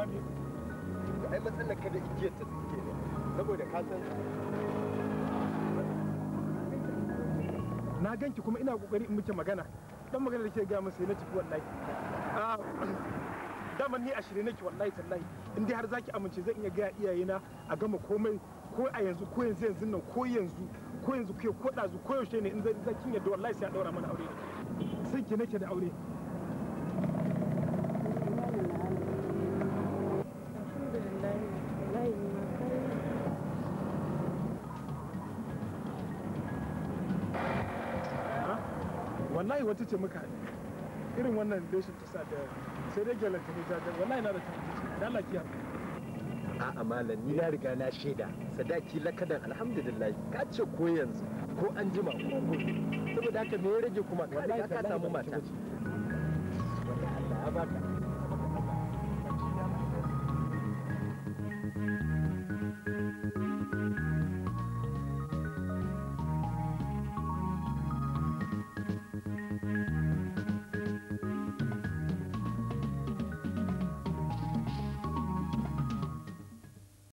amma me ai matsalar ka da igiyar ta suke ne saboda ka san na ganki kuma ina kokari in muke magana dan magana da ke ga musu na ciki wallahi a ah, dama ni a shirye nake wallahi tallahi in dai har zaki amince zan iya ga iyayena a gama komai ko a yanzu ko yanzu yanzu nan ko yanzu ko yanzu ko ɗazu ko yaushe ne in zaki yadda wallahi sai a daura mana aure sai ki nake da aure wallahi wata ce muka haɗu irin wannan leshin ta sa da sai dai gyalar ta ne wallahi na da ta ce da lafiya a'a amala ni na riga na shaida sadaki lakadan alhamdulillah ka ce ko yanzu ko an jima ko ko saboda haka me ya rage kuma ka ka samu mata wallahi Allah ya baka